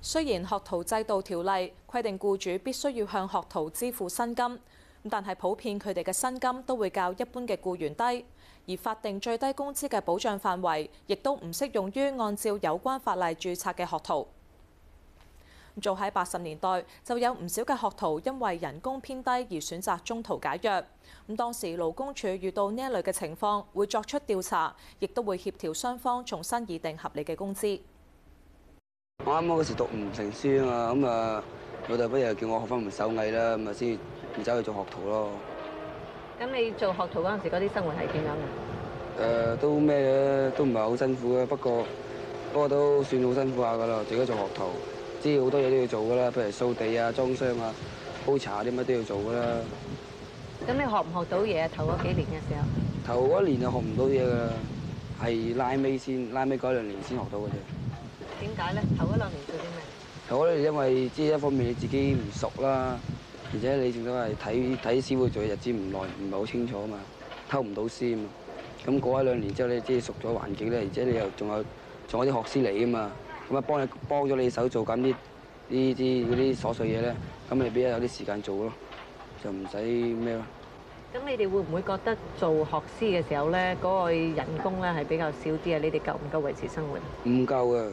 雖然學徒制度條例規定僱主必須要向學徒支付薪金，但係普遍佢哋嘅薪金都會較一般嘅僱員低，而法定最低工資嘅保障範圍亦都唔適用於按照有關法例註冊嘅學徒。早喺八十年代就有唔少嘅學徒因為人工偏低而選擇中途解約。咁當時勞工處遇到呢類嘅情況，會作出調查，亦都會協調雙方重新擬定合理嘅工資。我啱啱嗰時讀唔成書啊嘛，咁啊老豆不如叫我學翻門手藝啦，咁啊先而走去做學徒咯。咁你做學徒嗰陣時，嗰啲生活係點樣噶？誒，都咩嘅，都唔係好辛苦嘅，不過不過都算好辛苦下噶啦。自己做學徒，知好多嘢都要做噶啦，譬如掃地啊、裝箱啊、煲茶啲乜都要做噶啦。咁你學唔學到嘢啊？頭嗰幾年嘅時候？頭一年就學唔到嘢噶，係拉尾先，拉尾嗰兩年先學到嘅啫。點解咧？頭一兩年做啲咩？頭嗰兩，因為即係一方面你自己唔熟啦，而且你淨都係睇睇師傅做嘅日子唔耐，唔係好清楚啊嘛，偷唔到師啊嘛。咁過一兩年之後咧，你即係熟咗環境咧，而且你又仲有仲有啲學師嚟啊嘛，咁啊幫你幫咗你手做緊啲啲啲嗰啲瑣碎嘢咧，咁咪比較有啲時間做咯，就唔使咩咯。咁你哋會唔會覺得做學師嘅時候咧，嗰個人工咧係比較少啲啊？你哋夠唔夠維持生活？唔夠啊！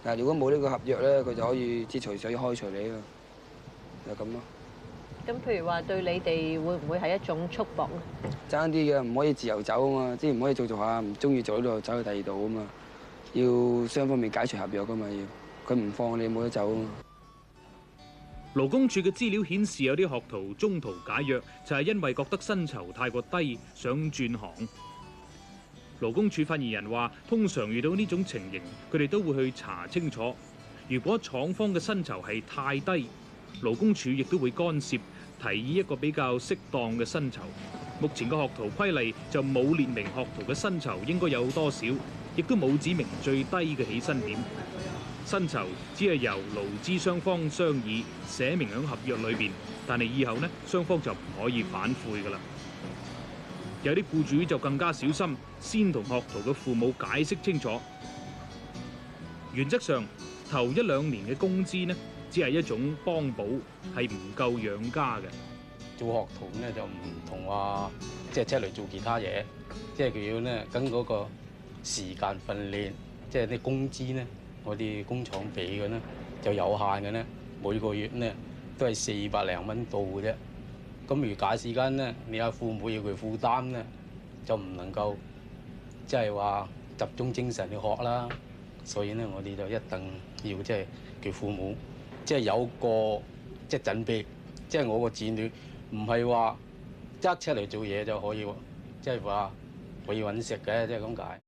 嗱，但如果冇呢個合約咧，佢就可以即係隨時開除你啊，就咁咯。咁譬如話對你哋會唔會係一種束縛？爭啲嘅，唔可以自由走啊嘛，即係唔可以做做下，唔中意做呢度，走去第二度啊嘛，要雙方面解除合約噶嘛要，佢唔放你冇得走啊嘛。勞工處嘅資料顯示，有啲學徒中途解約，就係、是、因為覺得薪酬太過低，想轉行。勞工處發言人話，通常遇到呢種情形，佢哋都會去查清楚。如果廠方嘅薪酬係太低，勞工處亦都會干涉，提議一個比較適當嘅薪酬。目前個學徒規例就冇列明學徒嘅薪酬應該有多少，亦都冇指明最低嘅起薪點。薪酬只係由勞資雙方商議，寫明響合約裏邊，但係以後呢，雙方就唔可以反悔噶啦。有啲僱主就更加小心，先同學徒嘅父母解釋清楚。原則上，頭一兩年嘅工資呢，只係一種幫補，係唔夠養家嘅。做學徒呢就唔同話，啊，即係出嚟做其他嘢，即係佢要呢跟嗰個時間訓練，即係啲工資呢，我哋工廠俾嘅呢就有限嘅呢，每個月呢都係四百零蚊度嘅啫。咁如假時間咧，你有父母要佢負擔咧，就唔能夠即係話集中精神去學啦。所以咧，我哋就一定要即係、就是、叫父母，即、就、係、是、有個即係準備，即、就、係、是就是、我個子女唔係話一出嚟做嘢就可以，即係話可以搵食嘅，即係咁解。